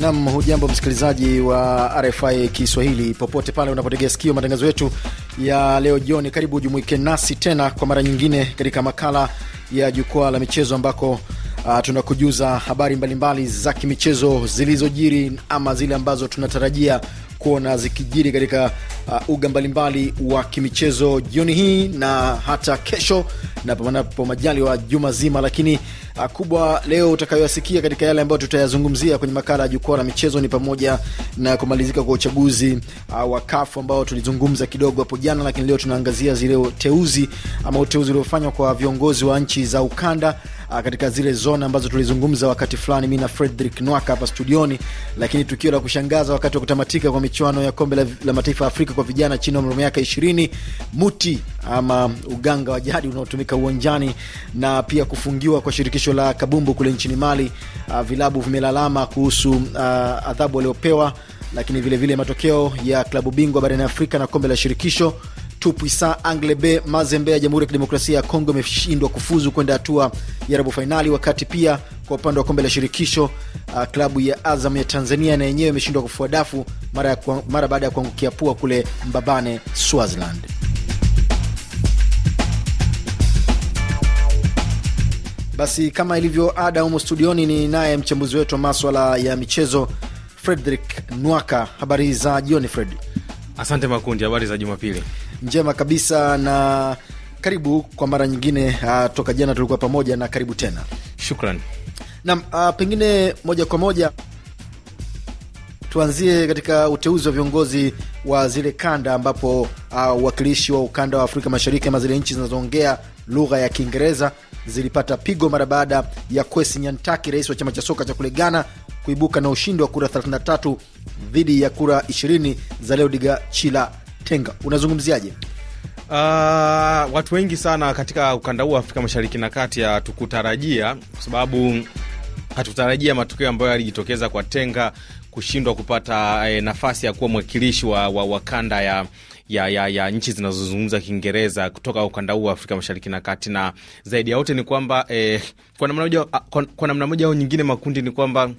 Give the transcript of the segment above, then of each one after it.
Nam, hujambo msikilizaji wa RFI Kiswahili popote pale unapotegea sikio matangazo yetu ya leo jioni. Karibu ujumuike nasi tena kwa mara nyingine katika makala ya jukwaa la michezo ambako Uh, tunakujuza habari mbalimbali za kimichezo zilizojiri ama zile ambazo tunatarajia kuona zikijiri katika uh, uga mbalimbali wa kimichezo jioni hii na hata kesho na panapo majali wa juma zima, lakini uh, kubwa leo utakayoyasikia katika yale ambayo tutayazungumzia kwenye makala ya jukwaa la michezo ni pamoja na kumalizika kwa uchaguzi uh, wa kafu ambao tulizungumza kidogo hapo jana, lakini leo tunaangazia zile uteuzi ama uteuzi uliofanywa kwa viongozi wa nchi za ukanda Ah, katika zile zona ambazo tulizungumza wakati fulani mi na Fredrick Nwaka hapa studioni. Lakini tukio la kushangaza wakati wa kutamatika kwa michuano ya kombe la, la mataifa ya Afrika kwa vijana chini ya umri wa miaka ishirini, muti ama uganga wa jadi unaotumika uwanjani na pia kufungiwa kwa shirikisho la kabumbu kule nchini Mali. Uh, vilabu vimelalama kuhusu uh, adhabu waliopewa, lakini vilevile vile matokeo ya klabu bingwa barani Afrika na kombe la shirikisho Tupuisa Anglebe Mazembe ya Jamhuri ya Kidemokrasia ya Kongo imeshindwa kufuzu kwenda hatua ya robo fainali, wakati pia kwa upande wa kombe la shirikisho uh, klabu ya Azam ya Tanzania na yenyewe imeshindwa kufua dafu mara, mara baada ya kuangukia pua kule Mbabane, Swaziland. Basi kama ilivyo ada, humo studioni ni naye mchambuzi wetu wa maswala ya michezo Frederick Nwaka. Habari za jioni, Fred. Asante Makundi, habari za Jumapili njema kabisa na karibu kwa mara nyingine. Uh, toka jana tulikuwa pamoja na karibu tena, shukran. nam uh, ah, pengine moja kwa moja tuanzie katika uteuzi wa viongozi wa zile kanda ambapo ah, uwakilishi wa ukanda wa Afrika Mashariki ama zile nchi zinazoongea lugha ya Kiingereza zilipata pigo mara baada ya Kwesi Nyantaki, rais wa chama cha soka cha kule Ghana, kuibuka na ushindi wa kura 33 dhidi ya kura 20 za Leodiga Chila Tenga, unazungumziaje? Uh, watu wengi sana katika ukanda huu wa Afrika Mashariki na Kati hatukutarajia, kwa sababu hatutarajia matokeo ambayo yalijitokeza kwa Tenga kushindwa kupata eh, nafasi ya kuwa mwakilishi wa, wa, wa kanda ya ya, ya, ya nchi zinazozungumza Kiingereza kutoka ukanda huu wa Afrika Mashariki na Kati. Na zaidi ya wote ni kwamba eh, kwa namna moja au nyingine makundi ni kwamba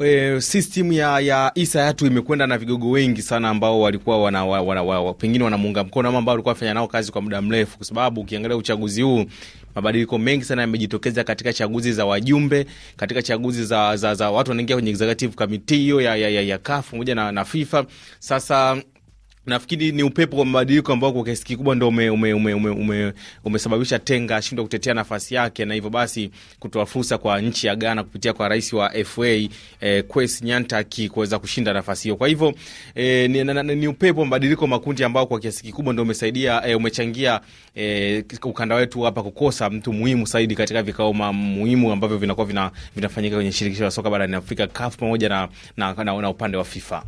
e, eh, system ya, ya Isa yatu imekwenda na vigogo wengi sana ambao walikuwa wana, wana, wana, pengine wanamuunga mkono ama ambao walikuwa wafanya nao kazi kwa muda mrefu, kwa sababu ukiangalia uchaguzi huu mabadiliko mengi sana yamejitokeza katika chaguzi za wajumbe, katika chaguzi za, za, za watu wanaingia kwenye executive committee hiyo ya, ya, ya, ya kafu pamoja na, na FIFA sasa Nafikiri ni upepo wa mabadiliko ambao kwa kiasi kikubwa ndo umesababisha ume, ume, ume, ume, ume Tenga ashindwa kutetea nafasi yake na hivyo basi kutoa fursa kwa nchi ya Ghana kupitia kwa rais wa FA eh, Kwesi Nyantakyi kuweza kushinda nafasi hiyo. Kwa hivyo eh, ni, na, ni upepo wa mabadiliko makundi ambao kwa kiasi kikubwa ndo umesaidia eh, umechangia eh, ukanda wetu hapa kukosa mtu muhimu zaidi katika vikao muhimu ambavyo vinakuwa vina, vinafanyika kwenye shirikisho la soka barani Afrika CAF pamoja na, na, na, na upande wa FIFA.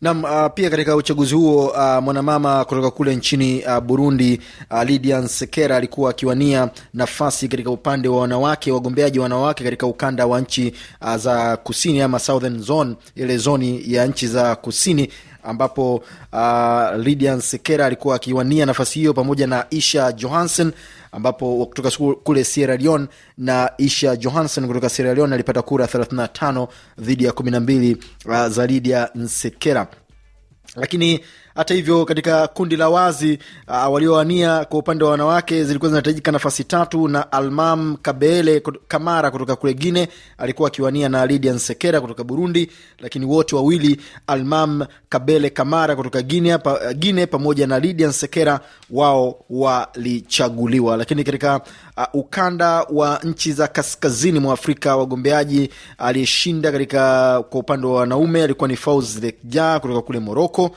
Nam uh, ah, pia katika uchaguzi huo uh, mwanamama kutoka kule nchini uh, Burundi uh, Lidian Sekera alikuwa akiwania nafasi katika upande wa wanawake wagombeaji wanawake katika ukanda wa nchi uh, za kusini ama southern zone, ile zoni ya nchi za kusini ambapo uh, Lydian Sekera alikuwa akiwania nafasi hiyo pamoja na Isha Johansen ambapo kutoka kule Sierra Leone na Isha Johansen kutoka Sierra Leone alipata kura 35 dhidi ya 12 uh, za Lydia Nsekera lakini hata hivyo katika kundi la wazi uh, waliowania kwa upande wa wanawake zilikuwa zinahitajika nafasi tatu, na Almam Kabele Kamara kutoka kule Guine alikuwa akiwania na Lidia Nsekera kutoka Burundi, lakini wote wawili Almam Kabele Kamara kutoka Guine pa, uh, Guine pamoja na Lidia Nsekera wao walichaguliwa. Lakini katika uh, ukanda wa nchi za kaskazini mwa Afrika. Wagombeaji aliyeshinda katika kwa upande wa wanaume alikuwa ni Fauz Lekja kutoka kule Moroko.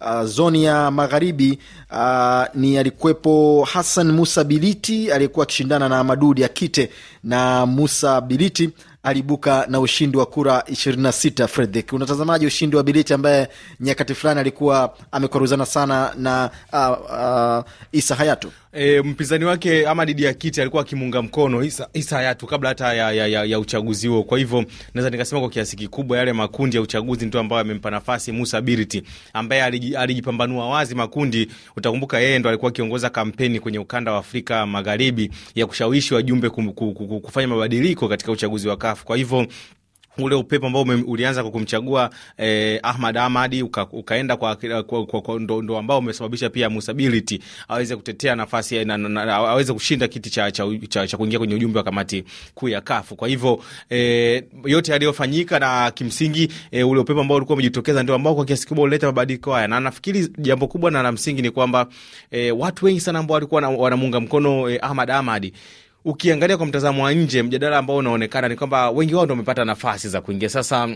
Uh, zoni ya magharibi uh, ni alikuwepo Hassan Musa Biliti aliyekuwa akishindana na Madudi Akite na Musa Biliti alibuka na ushindi wa kura 26. Fredrick, unatazamaji ushindi wa Biliti ambaye nyakati fulani alikuwa amekwaruzana sana na uh, uh, Isa hayatu E, mpinzani wake ama Didi ya kiti alikuwa akimuunga mkono Isa, Isa Hayatu kabla hata ya, ya, ya, ya uchaguzi huo. Kwa hivyo naweza nikasema kwa kiasi kikubwa yale makundi ya uchaguzi ndio ambayo yamempa nafasi Musa Biriti ambaye alijipambanua wazi makundi. Utakumbuka yeye ndo alikuwa akiongoza kampeni kwenye ukanda wa Afrika Magharibi ya kushawishi wajumbe kufanya mabadiliko katika uchaguzi wa kafu. Kwa hivyo ule upepo ambao ulianza kwa kumchagua eh, Ahmad Ahmadi uka, ukaenda kwa, kwa, kwa, kwa kwa ndo, ndo ambao umesababisha pia Musability aweze kutetea nafasi na, na, na, na, aweze kushinda kiti cha, cha, cha, cha kuingia kwenye ujumbe wa kamati kuu ya kafu. Kwa hivyo eh, yote yaliyofanyika na kimsingi eh, ule upepo ambao ulikuwa umejitokeza ndio ambao kwa kiasi kubwa uleta mabadiliko haya, na nafikiri jambo kubwa na la msingi ni kwamba eh, watu wengi sana ambao walikuwa wanamuunga mkono eh, Ahmad Ahmadi ukiangalia kwa mtazamo wa nje, mjadala ambao unaonekana ni kwamba wengi wao ndo wamepata nafasi za kuingia sasa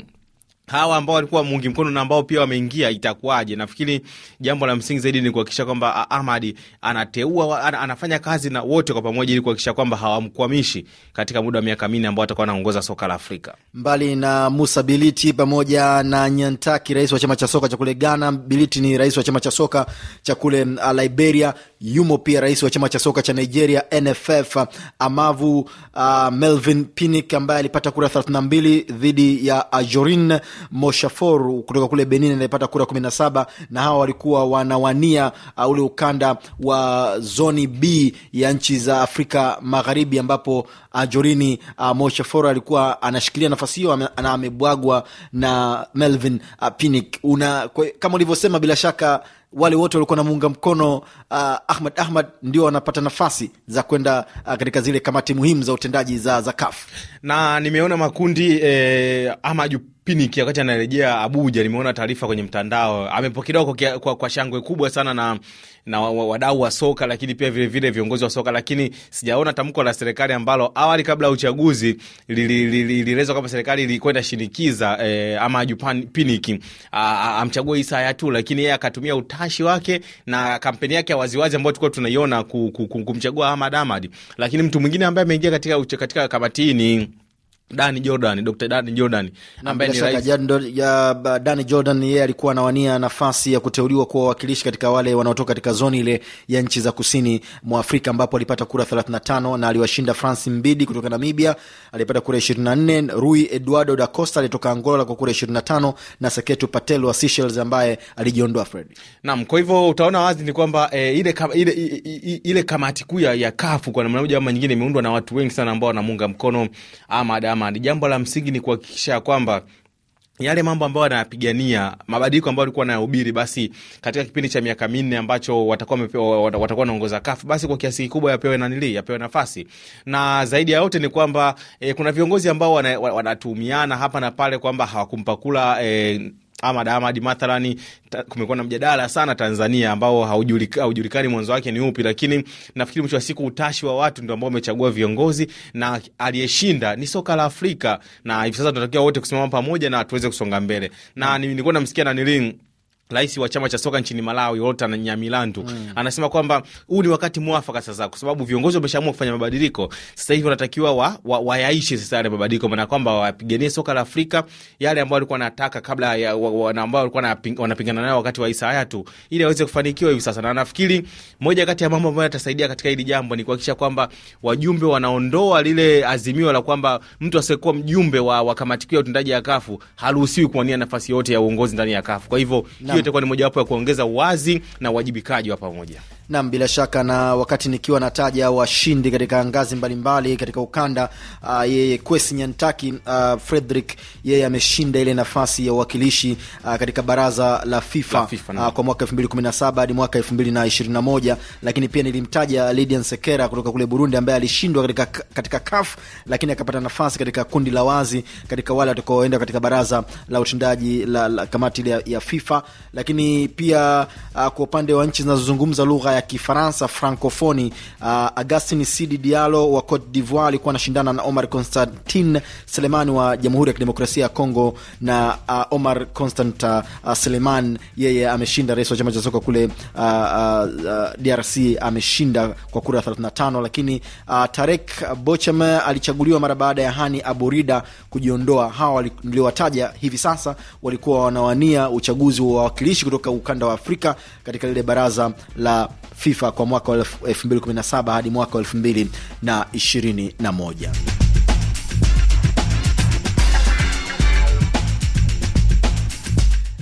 hawa ambao walikuwa muungi mkono na ambao pia wameingia itakuwaje? Nafikiri jambo la msingi zaidi ni kuhakikisha kwamba Ahmad anateua an, anafanya kazi na wote kwa pamoja, ili kuhakikisha kwamba hawamkwamishi katika muda wa miaka minne ambao atakuwa anaongoza soka la Afrika. Mbali na Musa Biliti pamoja na Nyantaki, rais wa chama cha soka cha kule Ghana. Biliti ni rais wa chama cha soka cha kule uh, Liberia yumo pia rais wa chama cha soka cha Nigeria NFF Amavu uh, Melvin Pinnick ambaye alipata kura 32 dhidi ya Ajorin Moshafor kutoka kule Benin anayepata kura 17, na hawa walikuwa wanawania uh, ule ukanda wa zoni B ya nchi za Afrika Magharibi ambapo Ajorini uh, Moshafor alikuwa anashikilia nafasi hiyo na amebwagwa na Melvin uh, Pinnick. Una kama ulivyosema bila shaka wale wote walikuwa wanamuunga mkono uh, Ahmad Ahmad ndio wanapata nafasi za kwenda uh, katika zile kamati muhimu za utendaji za, za na nimeona makundi eh, ama Piniki wakati anarejea Abuja, nimeona taarifa kwenye mtandao, amepokelewa kwa, kwa, kwa shangwe kubwa sana na, na wadau wa soka, lakini pia vilevile vile viongozi wa soka, lakini sijaona tamko la serikali ambalo awali kabla ya uchaguzi lilielezwa li, li, li, kwamba serikali ilikwenda shinikiza eh, ama Jupan Piniki amchague Isa Hayatou, lakini yeye akatumia utashi wake na kampeni yake ya waziwazi ambayo tulikuwa tunaiona kumchagua Ahmad Ahmad, lakini mtu mwingine ambaye ameingia katika, katika kamati hii ni Dani Jordan, Dr. Dani Jordan ambaye ni Dani Jordan, yeye alikuwa anawania nafasi ya kuteuliwa kuwa wawakilishi katika wale wanaotoka katika zoni ile ya nchi za kusini mwa Afrika, ambapo alipata kura 35 na aliwashinda Franci Mbidi kutoka Namibia, alipata kura 24, Rui Eduardo da Costa alitoka Angola kwa kura 25 na Seketu Patel wa Seychelles ambaye alijiondoa Fred. Naam, kwa hivyo utaona wazi ni kwamba e, ile, kam, ile, ile, ile kamati kuu ya kafu kwa namna moja ama nyingine imeundwa na watu wengi sana ambao wanamuunga mkono ama amani. jambo la msingi ni kuhakikisha kwamba yale mambo ambayo wanayapigania mabadiliko ambayo walikuwa wanayahubiri, basi katika kipindi cha miaka minne ambacho watakuwa watakuwa wanaongoza kafu, basi kwa kiasi kikubwa yapewe nanili, yapewe nafasi. Na zaidi ya yote ni kwamba e, kuna viongozi ambao wanatuhumiana hapa na pale kwamba hawakumpa kula e, Ahmad Ahmad mathalani, kumekuwa na mjadala sana Tanzania ambao haujulikani haujulika mwanzo wake ni upi, lakini nafikiri mwisho wa siku utashi wa watu ndio ambao wamechagua viongozi na aliyeshinda ni soka la Afrika, na hivi sasa tunatakiwa wote kusimama pamoja na tuweze kusonga mbele na hmm. nilikuwa namsikia na niling rais wa chama cha soka nchini Malawi Walter Nyamilandu mm. anasema kwamba huu ni wakati mwafaka sasa, kwa sababu viongozi wameshaamua kufanya mabadiliko. Sasa hivi wanatakiwa wa, wa, wayaishe sasa yale mabadiliko, maana kwamba wapiganie soka la Afrika yale ambayo walikuwa wanataka kabla ya wa, wa, ambao walikuwa wanapingana nayo wakati wa Isa Hayatu, ili aweze kufanikiwa hivi sasa. Na nafikiri moja kati ya mambo ambayo yatasaidia katika hili jambo ni kuhakikisha kwamba wajumbe wanaondoa lile azimio la kwamba mtu asiyekuwa mjumbe wa, wa kamati kuu ya utendaji ya Kafu haruhusiwi kuwania nafasi yote ya uongozi ndani ya Kafu. Kwa hivyo hiyo itakuwa ni mojawapo ya kuongeza uwazi na uwajibikaji wa pamoja. Nam, bila shaka. Na wakati nikiwa nataja washindi katika ngazi mbalimbali mbali, katika ukanda uh, yeye Kwesi Nyantaki uh, Frederick yeye ameshinda ile nafasi ya uwakilishi uh, katika baraza la FIFA, la FIFA uh, kwa mwaka 2017 hadi mwaka 2021, lakini pia nilimtaja Lydian Sekera kutoka kule Burundi ambaye alishindwa katika, katika CAF lakini akapata nafasi katika kundi la wazi katika wale watakaoenda katika baraza la utendaji la, la kamati ya, ya FIFA lakini pia uh, kwa upande wa nchi zinazozungumza lugha ya Kifaransa francofoni uh, ah, Augustin Sidi Dialo wa Cote d'Ivoire alikuwa anashindana na Omar Constantin Selemani wa Jamhuri ya Kidemokrasia ya Kongo na uh, Omar Constant uh, Seleman yeye ameshinda, rais wa chama cha soka kule uh, uh, DRC ameshinda kwa kura 35, lakini uh, Tarek Bochem alichaguliwa mara baada ya Hani Aborida kujiondoa. Hawa niliowataja hivi sasa walikuwa wanawania uchaguzi wa wawakilishi kutoka ukanda wa Afrika katika lile baraza la FIFA kwa mwaka wa 2017 hadi mwaka wa 2021.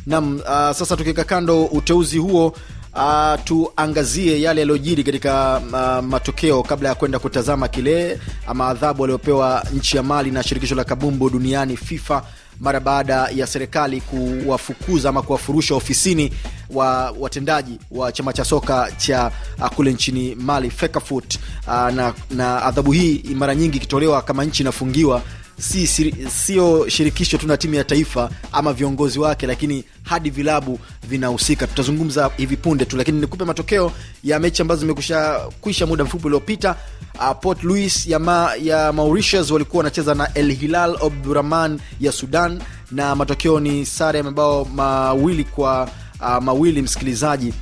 Nam uh, sasa tukiweka kando uteuzi huo Uh, tuangazie yale yaliyojiri katika uh, matokeo kabla ya kwenda kutazama kile ama adhabu aliyopewa nchi ya Mali na shirikisho la kabumbu duniani FIFA mara baada ya serikali kuwafukuza ama kuwafurusha ofisini wa watendaji wa chama cha soka cha uh, kule nchini Mali, Fecafoot, uh, na, na adhabu hii mara nyingi ikitolewa kama nchi inafungiwa si sio shirikisho tu na timu ya taifa ama viongozi wake, lakini hadi vilabu vinahusika. Tutazungumza hivi punde tu, lakini nikupe matokeo ya mechi ambazo zimekusha kwisha muda mfupi uliopita. Uh, Port Louis ya, ma, ya Mauritius walikuwa wanacheza na El Hilal abdurahman ya Sudan, na matokeo ni sare ya mabao mawili kwa uh, mawili msikilizaji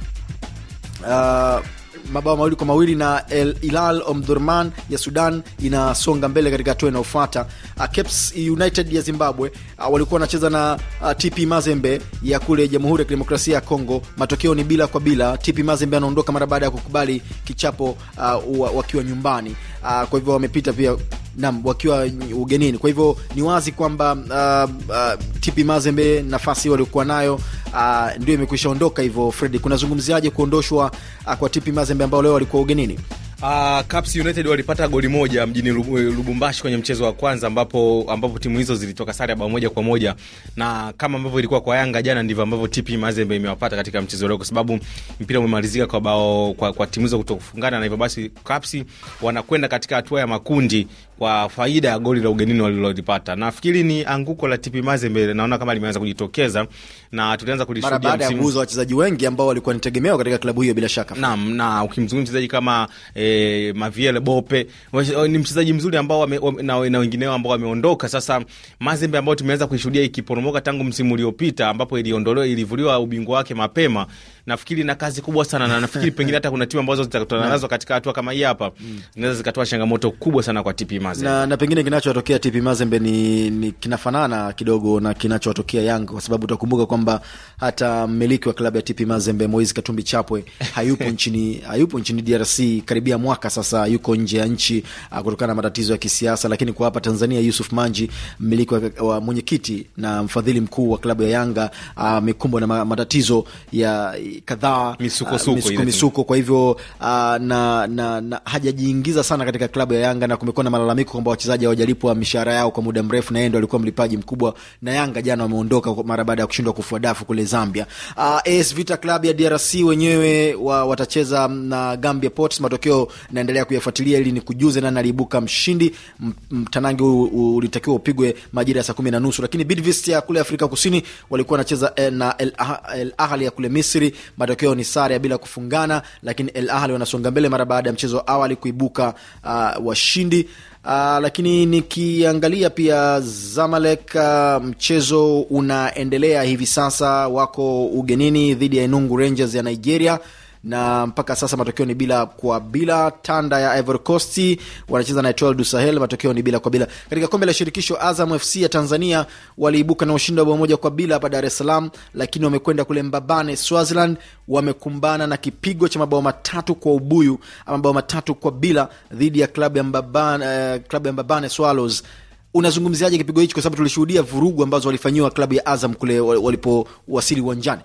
uh, mabao mawili kwa mawili na El Hilal Omdurman ya Sudan inasonga mbele katika hatua inayofuata. Uh, Caps United ya Zimbabwe uh, walikuwa wanacheza na uh, TP Mazembe ya kule Jamhuri ya Kidemokrasia ya Kongo. Matokeo ni bila kwa bila. TP Mazembe anaondoka mara baada ya kukubali kichapo uh, wakiwa nyumbani. Ah, kwa hivyo wamepita pia nam wakiwa ugenini. Kwa hivyo ni wazi kwamba uh, ah, uh, ah, TP Mazembe nafasi waliokuwa nayo uh, ndio imekwisha ondoka. Hivyo Fredi, kunazungumziaje kuondoshwa uh, kwa TP Mazembe ambao leo walikuwa ugenini? Uh, ah, Caps United walipata goli moja mjini eh, Lubumbashi kwenye mchezo wa kwanza ambapo, ambapo timu hizo zilitoka sare ya bao moja kwa moja na kama ambavyo ilikuwa kwa Yanga jana ndivyo ambavyo TP Mazembe imewapata katika mchezo leo, kwa sababu mpira umemalizika kwa bao kwa, kwa timu hizo kutokufungana, na hivyo basi Caps wanakwenda katika hatua ya makundi kwa faida ya goli la ugenini walilolipata. Nafikiri ni anguko la TP Mazembe, naona kama limeanza kujitokeza na tulianza kulishuhudia msimu baada ya kuuza wachezaji wengi ambao walikuwa nitegemewa katika klabu hiyo bila shaka. Naam, na ukimzungumzia mchezaji kama eh, e, Maviele Bope oh, ni mchezaji mzuri ambao wame, na, na wengineo ambao wameondoka. Sasa Mazembe ambayo tumeweza kuishuhudia ikiporomoka tangu msimu uliopita ambapo iliondolewa ilivuliwa ubingwa wake mapema nafikiri na kazi kubwa sana na nafikiri pengine hata kuna timu ambazo zitakutana nazo katika hatua kama hii hapa mm. zinaweza mm. zikatoa changamoto kubwa sana kwa TP Mazembe na, na pengine kinachotokea TP Mazembe ni, ni kinafanana kidogo na kinachotokea Yanga kwa sababu utakumbuka kwamba hata mmiliki wa klabu ya TP Mazembe Moise Katumbi Chapwe hayupo nchini hayupo nchini DRC karibia mwaka sasa, yuko nje ya nchi ah, kutokana na matatizo ya kisiasa, lakini kwa hapa Tanzania Yusuf Manji mmiliki wa, wa mwenyekiti na mfadhili mkuu wa klabu ya Yanga ah, amekumbwa na matatizo ya kadhaa ah, misukosuko, misuko, Kwa hivyo uh, na, na, na hajajiingiza sana katika klabu ya Yanga na kumekuwa na malalamiko kwamba wachezaji hawajalipwa mishahara yao kwa muda mrefu, na yeye ndo alikuwa mlipaji mkubwa, na Yanga jana wameondoka mara baada ya kushindwa kufua dafu kule Zambia. Uh, ah, AS Vita Club ya DRC wenyewe wa, watacheza na Gambia Ports. Matokeo naendelea kuyafuatilia ili nikujuze nani aliibuka mshindi. Mtanangi ulitakiwa upigwe majira ya saa kumi na nusu, lakini Bidvest ya kule Afrika Kusini walikuwa wanacheza eh, na El Ahali ya kule Misri matokeo ni sare ya bila kufungana, lakini El ahli wanasonga mbele mara baada ya mchezo awali kuibuka uh, washindi. Uh, lakini nikiangalia pia Zamalek uh, mchezo unaendelea hivi sasa, wako ugenini dhidi ya Enugu Rangers ya Nigeria na mpaka sasa matokeo ni bila kwa bila. Tanda ya Ivory Coast wanacheza na Etoile du Sahel, matokeo ni bila kwa bila. Katika kombe la shirikisho, Azam FC ya Tanzania waliibuka na ushindi wa bao moja kwa bila hapa Dar es Salaam, lakini wamekwenda kule Mbabane, Swaziland, wamekumbana na kipigo cha mabao matatu kwa ubuyu ama mabao matatu kwa bila dhidi ya klabu ya Mbabane, eh, klabu ya Mbabane Swallows. Unazungumziaje kipigo hichi, kwa sababu tulishuhudia vurugu ambazo walifanyiwa klabu ya Azam kule walipowasili uwanjani?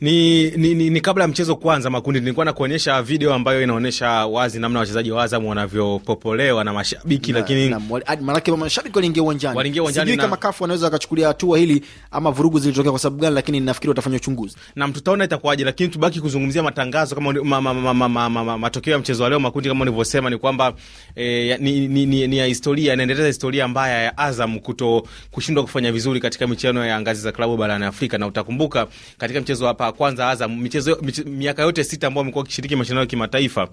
ni, ni, ni, ni kabla ya mchezo kwanza makundi, nilikuwa nakuonyesha video ambayo inaonyesha wazi namna wachezaji wa Azam wanavyopopolewa na mashabiki, lakini maanake mashabiki waliingia uwanjani, waliingia uwanjani. Sijui kama kafu wanaweza wakachukulia hatua hili ama vurugu zilitokea kwa sababu gani, lakini nafikiri watafanya uchunguzi tutaona itakuwaje, lakini tubaki kuzungumzia matangazo kama ma, ma, ma, ma, ma, ma, ma, matokeo ya mchezo wa leo makundi, kama ulivyosema ni kwamba eh, ni, ni, ni, ni ya historia, inaendeleza historia mbaya ya Azam kuto kushindwa kufanya vizuri katika michuano ya ngazi za klabu barani Afrika, na utakumbuka katika mchezo hapa kwa kwanza Azam michezo miaka yote sita ambao wamekuwa wakishiriki mashindano ya kimataifa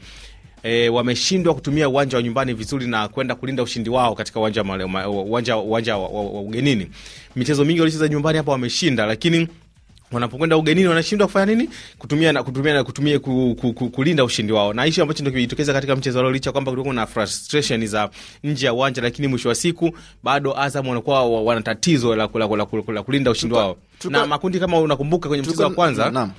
e, wameshindwa kutumia uwanja wa nyumbani vizuri na kwenda kulinda ushindi wao katika uwanja uwanja uwanja wa ugenini. Michezo mingi walicheza nyumbani hapa wameshinda, lakini wanapokwenda ugenini wanashindwa kufanya nini? Kutumia na kutumia na kutumia ku, ku, ku, kulinda ushindi wao, na hicho ambacho ndio kimejitokeza katika mchezo wao, licha kwamba kulikuwa na frustration za nje ya uwanja, lakini mwisho wa siku bado Azam wanakuwa wana tatizo la kulinda ushindi wao, na makundi kama unakumbuka kwenye mchezo wa kwanza na,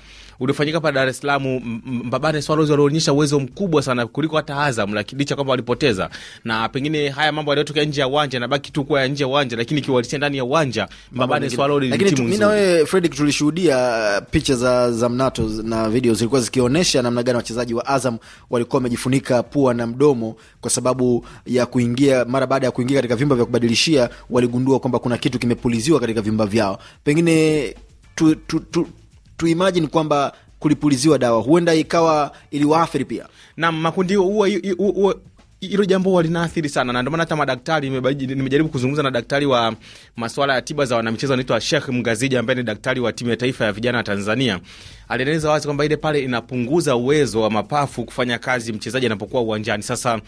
uliofanyika hapa Dar es Salaam, Mbabane Swallows walionyesha uwezo mkubwa sana kuliko hata Azam, lakini licha kwamba walipoteza, na pengine haya mambo yaliyotokea nje ya uwanja nabaki tu kuwa ya nje ya uwanja, lakini kiwalisia ndani ya uwanja Mbabane Swallows ni timu nzuri. Mimi Na wewe Fredrick, tulishuhudia uh, picha za, za mnato na video zilikuwa zikionyesha namna gani wachezaji wa Azam walikuwa wamejifunika pua na mdomo kwa sababu ya kuingia, mara baada ya kuingia katika vyumba vya kubadilishia waligundua kwamba kuna kitu kimepuliziwa katika vyumba vyao. Pengine tu, tu, tu, tuimajini kwamba kulipuliziwa dawa huenda ikawa iliwaathiri pia. Naam, makundi huwa hilo jambo huwa linaathiri sana, na ndio maana hata madaktari, nimejaribu kuzungumza na daktari wa masuala ya tiba za wanamichezo, anaitwa Sheikh Mgazija ambaye ni daktari wa timu ya taifa ya vijana ya Tanzania. Alieleza wazi kwamba ile pale inapunguza uwezo wa mapafu kufanya kazi mchezaji anapokuwa uwanjani. Sasa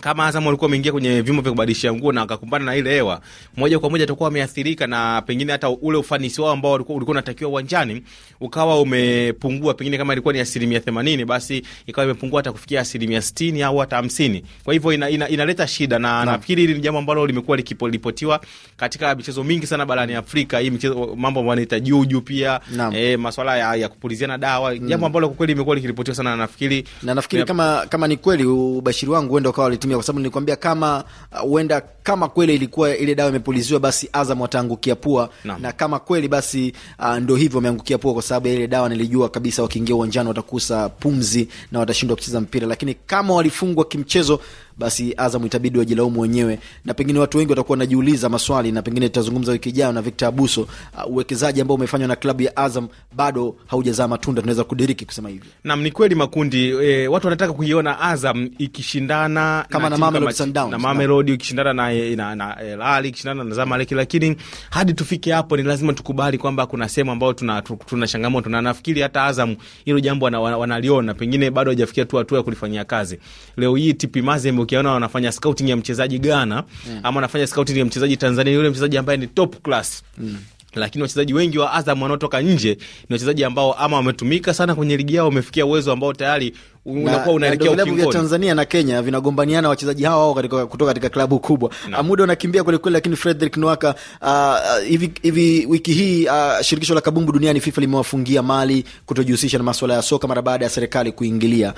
kama Azam walikuwa wameingia kwenye vyumba vya kubadilishia nguo na wakakumbana na ile hewa moja kwa moja, atakuwa ameathirika, na pengine hata ule ufanisi wao ambao ulikuwa unatakiwa uwanjani ukawa umepungua. Pengine kama ilikuwa ni asilimia themanini, basi ikawa imepungua hata kufikia asilimia sitini au hata hamsini. Kwa hivyo ina, ina, inaleta shida na no. Nafikiri hili ni jambo ambalo limekuwa likiripotiwa katika michezo mingi sana barani Afrika. Hii michezo mambo ambayo anaita juju pia e, Eh, maswala ya, ya kupuliziana dawa mm. Jambo ambalo kwa kweli limekuwa likiripotiwa sana, na nafikiri na nafikiri kama, kama ni kweli ubashiri wangu uenda ukawa kutumia, kwa sababu nilikwambia kama uh, huenda, uh, kama kweli ilikuwa ile dawa imepuliziwa, basi Azam wataangukia pua na, na kama kweli basi uh, ndo hivyo wameangukia pua, kwa sababu ya ile dawa nilijua kabisa wakiingia uwanjani watakusa pumzi na watashindwa kucheza mpira, lakini kama walifungwa kimchezo basi Azam itabidi wajilaumu wenyewe, na pengine watu wengi watakuwa wanajiuliza maswali, na pengine tutazungumza wiki ijayo na Victor Abuso. Uh, uwekezaji ambao umefanywa na klabu ya Azam bado haujazaa matunda, tunaweza kudiriki kusema hivyo. Naam, ni kweli makundi e, watu wanataka kuiona Azam ikishindana kama na Mamelodi Sundowns na Mamelodi ikishindana na e, na, na El ikishindana na Zamalek, lakini hadi tufike hapo ni lazima tukubali kwamba kuna sehemu ambayo tuna, tuna changamoto na nafikiri hata Azam hilo jambo wanaliona wana, wana, pengine bado hajafikia tu hatua ya kulifanyia kazi. Leo hii Tipi Mazembe ukiona wanafanya scouting ya mchezaji Ghana mm. ama wanafanya scouting ya mchezaji Tanzania, yule mchezaji ambaye ni top class mm lakini wachezaji wengi wa Azam wanaotoka nje ni wachezaji ambao ama wametumika sana kwenye ligi yao, wamefikia uwezo ambao tayari unakuwa unaelekea ukingoni. Tanzania na Kenya vinagombaniana wachezaji katika, kutoka katika klabu kubwa ah, Muda unakimbia kwelikweli, lakini Fredrick Nwaka, uh, hivi, hivi wiki hii uh, shirikisho la kabumbu duniani FIFA limewafungia Mali kutojihusisha na ya soka mara baada ya serikali kuingilia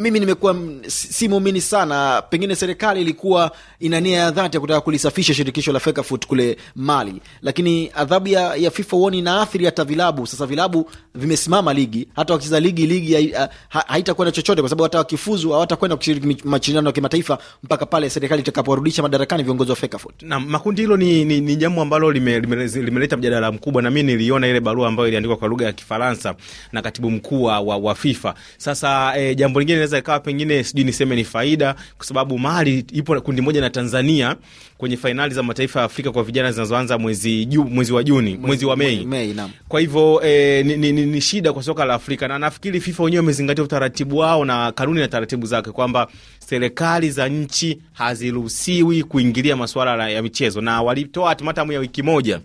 mimi nimekuwa si muumini sana. Pengine serikali ilikuwa ina nia ya dhati ya kutaka kulisafisha shirikisho la Fecafoot kule Mali, lakini adhabu ya, ya FIFA huoni athiri hata vilabu. Sasa vilabu vimesimama ligi, hata wakicheza ligi ligi ha, haitakuwa na chochote, kwa sababu hata wakifuzu hawatakwenda kushiriki mashindano ya kimataifa mpaka pale serikali itakaporudisha madarakani viongozi wa Fecafoot na makundi. Hilo ni, ni, ni jambo ambalo limeleta lime, lime mjadala mkubwa, na mi niliona ile barua ambayo iliandikwa kwa lugha ya Kifaransa na katibu mkuu wa, wa FIFA. Sasa eh, jambo lingi nyingine inaweza ikawa pengine sijui niseme ni faida, kwa sababu Mali ipo kundi moja na Tanzania kwenye fainali za mataifa ya Afrika kwa vijana zinazoanza mwezi, ju, mwezi wa Juni mwezi, mwezi wa Mei, kwa hivyo eh, ni, ni, ni, ni shida kwa soka la Afrika na nafikiri FIFA wenyewe wamezingatia utaratibu wao na kanuni na taratibu zake kwamba serikali za nchi haziruhusiwi kuingilia masuala ya michezo na walitoa hatimaye ya wiki moja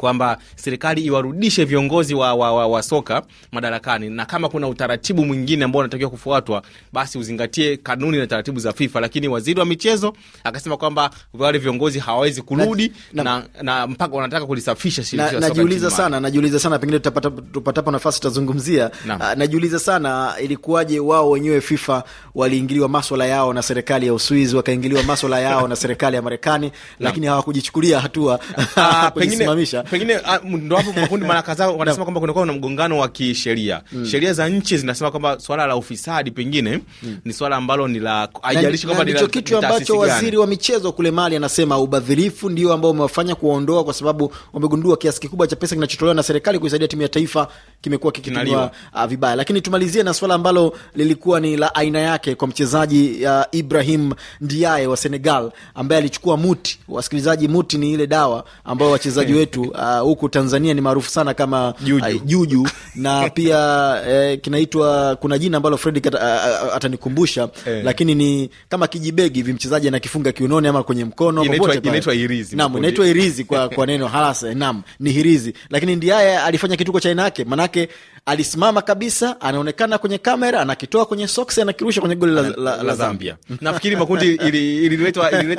kwamba serikali iwarudishe viongozi wa, wa, wa, wa soka madarakani, na kama kuna utaratibu mwingine ambao unatakiwa kufuatwa, basi uzingatie kanuni na taratibu za FIFA. Lakini waziri wa michezo akasema kwamba wale viongozi hawawezi kurudi na, na, na, na mpaka wanataka kulisafisha shirikisho la soka. Najiuliza sana, najiuliza sana, pengine tutapata tupatapo nafasi tutazungumzia na. Uh, ah, Najiuliza sana ilikuwaje wao wenyewe FIFA waliingiliwa maswala yao na serikali ya Uswizi, wakaingiliwa maswala yao na serikali ya Marekani, lakini hawakujichukulia hatua ah, kujisimamisha pengine ah, ndo hapo makundi mara kadhaa wanasema kwamba kunakuwa na mgongano wa kisheria mm. sheria za nchi zinasema kwamba swala la ufisadi pengine mm. ni swala ambalo ni la haijalishi kwamba ndicho kitu ambacho waziri wa michezo kule Mali anasema ubadhirifu ndio ambao umewafanya kuwaondoa kwa sababu wamegundua kiasi kikubwa cha pesa kinachotolewa na serikali kuisaidia timu ya taifa kimekuwa kikitumiwa uh, ah, vibaya. Lakini tumalizie na swala ambalo lilikuwa ni la aina yake kwa mchezaji uh, Ibrahim Ndiaye wa Senegal ambaye alichukua muti. Wasikilizaji, muti ni ile dawa ambayo wachezaji wetu Ah, huku uh, Tanzania ni maarufu sana kama juju, uh, juju. na pia eh, kinaitwa kuna jina ambalo Fred at, uh, ah, atanikumbusha eh, lakini ni kama kijibegi hivi mchezaji anakifunga kiunoni ama kwenye mkono, inaitwa hirizi. Naam, inaitwa hirizi kwa, kwa neno halas Naam, ni hirizi, lakini Ndiaye alifanya kituko cha aina yake, manake alisimama kabisa, anaonekana kwenye kamera, anakitoa kwenye soksi, anakirusha kwenye goli la, la, la, la Zambia. Nafikiri makundi ilileta ili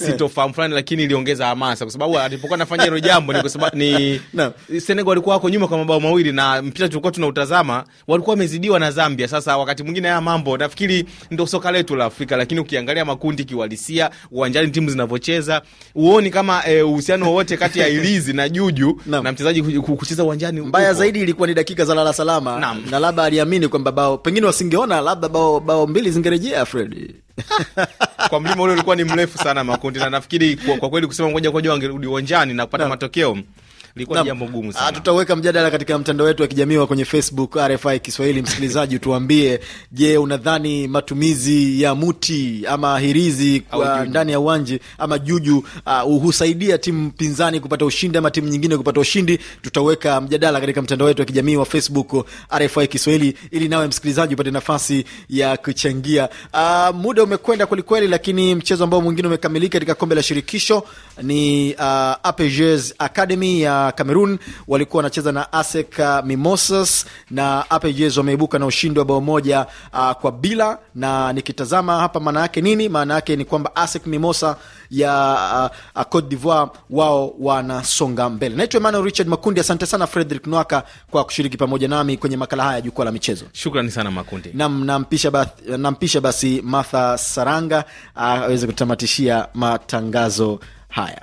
Eh. sitofahamu fulani, lakini iliongeza hamasa, kwa sababu alipokuwa nafanya hilo jambo ni kwa sababu ni Senegal walikuwa wako nyuma kwa mabao mawili, na mpira tulikuwa tunautazama walikuwa wamezidiwa na Zambia. Sasa wakati mwingine haya mambo nafikiri ndo soka letu la Afrika, lakini ukiangalia makundi kiuhalisia, uwanjani timu zinavyocheza, huoni kama eh, uhusiano wowote kati ya ilizi na juju na, na mchezaji kucheza uwanjani. Mbaya uko zaidi ilikuwa ni dakika za lala salama na, na labda aliamini kwamba bao pengine wasingeona labda bao, bao mbili zingerejea Fredi. kwa mlima ule ulikuwa ni mrefu sana makundi, na nafikiri kwa, kwa kweli kusema kwa moja wangerudi uwanjani na kupata matokeo lilikuwa jambo gumu ah, sana. Tutaweka mjadala katika mtandao wetu wa kijamii wa kwenye Facebook RFI Kiswahili. Msikilizaji, tuambie, je, unadhani matumizi ya muti ama hirizi kwa ndani ya uwanji ama juju uh, husaidia timu pinzani kupata ushindi ama timu nyingine kupata ushindi? Tutaweka mjadala katika mtandao wetu wa kijamii wa Facebook RFI Kiswahili ili nawe msikilizaji upate nafasi ya kuchangia. Uh, muda umekwenda kwelikweli, lakini mchezo ambao mwingine umekamilika katika kombe la shirikisho ni uh, Apejes Academy ya Cameroon walikuwa wanacheza na ASEC Mimosas na Apages wameibuka na ushindi wa bao moja uh, kwa bila. Na nikitazama hapa, maana yake nini? Maana yake ni kwamba ASEC Mimosa ya uh, uh, Cote d'Ivoire wao wanasonga mbele. Naitwa Emmanuel Richard Makundi, asante sana Frederick Nwaka kwa kushiriki pamoja nami kwenye makala haya ya jukwaa la michezo. Shukrani sana Makundi. Nam, nampisha basi, nampisha basi Martha Saranga aweze uh, kutamatishia matangazo haya.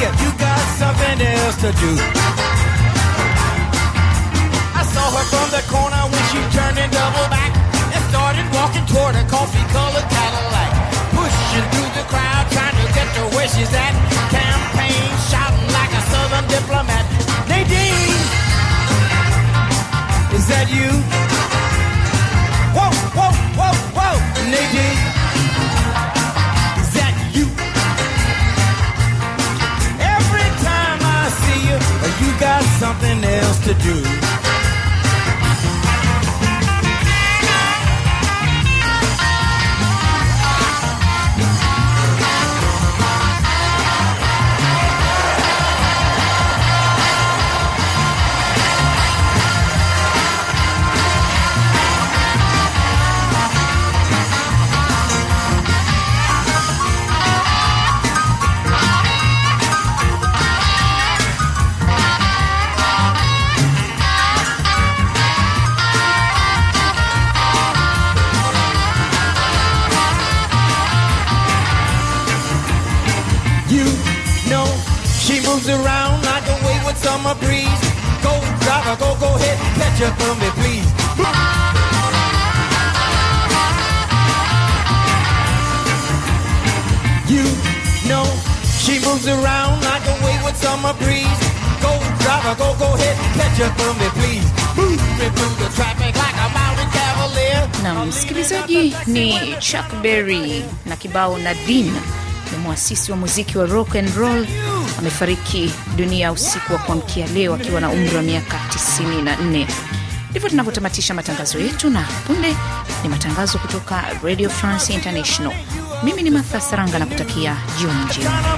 you, you got something else to do. I saw her from the corner when she turned and double back and started walking toward a coffee colored Cadillac. Pushing through the crowd, trying to get to where she's at. Campaign shouting like a southern diplomat. else to do. picture for me, please? You know she moves around like a wayward summer breeze. Go driver, go, go ahead and catch her for me, please. Moving through the traffic like a mountain cavalier. Na msikilizaji ni Chuck Berry na kibao Nadine ni mwasisi wa muziki wa rock and roll amefariki dunia usiku wa kuamkia leo akiwa na umri wa miaka 94 ndivyo tunavyotamatisha matangazo yetu, na punde ni matangazo kutoka Radio France International. Mimi ni matha Saranga na kutakia jioni njema.